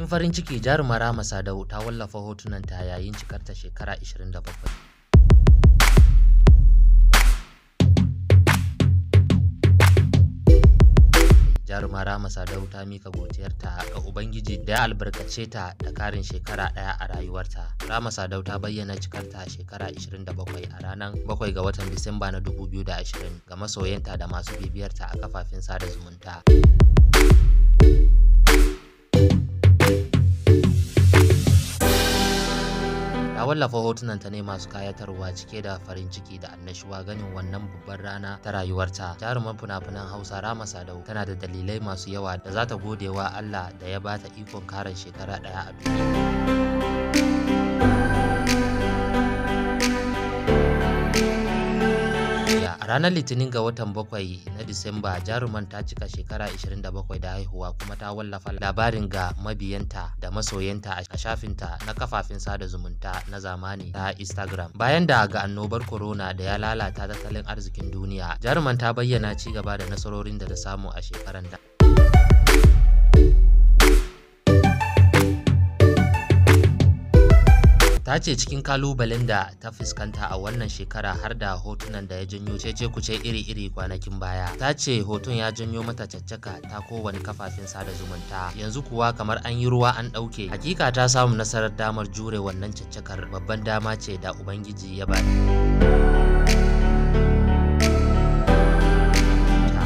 Cikin farin ciki jaruma Rama Sadau ta wallafa hotunanta yayin cikarta shekara 27. jaruma Rama Sadau ta mika godiyarta ga Ubangiji da ya albarkace ta da karin shekara ɗaya a rayuwarta. Rama Sadau ta bayyana cikarta shekara 27 a ranar 7 ga watan Disamba na 2020 ga masoyanta da masu bibiyarta a kafafen sada zumunta. ta wallafa hotunanta ne masu kayatarwa cike da farin ciki da annashuwa ganin wannan babbar rana ta rayuwarta jaruman fina-finan hausa rama sadau tana da dalilai masu yawa da za ta gode wa allah da ya bata ikon karin shekara ɗaya a duniya ranar litinin ga watan bakwai na disamba jaruman ta cika shekara 27 da haihuwa kuma ta wallafa labarin ga mabiyanta da masoyanta a shafinta na kafafen sada zumunta na zamani ta instagram bayan da ga annobar corona da ya lalata tattalin arzikin duniya jaruman ta bayyana ci gaba da nasarorin da ta samu a shekaran da ta ce cikin kalubalen da ta fuskanta a wannan shekara har da hotunan da ya janyo cece kuce iri-iri kwanakin baya ta ce hoton ya janyo mata caccaka ta kowane kafafen sada zumunta yanzu kuwa kamar an yi ruwa an ɗauke hakika ta samu nasarar damar jure wannan caccakar babban dama ce da ubangiji ya ba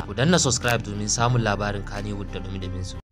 Ku danna subscribe domin samun labarin Kannywood da dumi minsu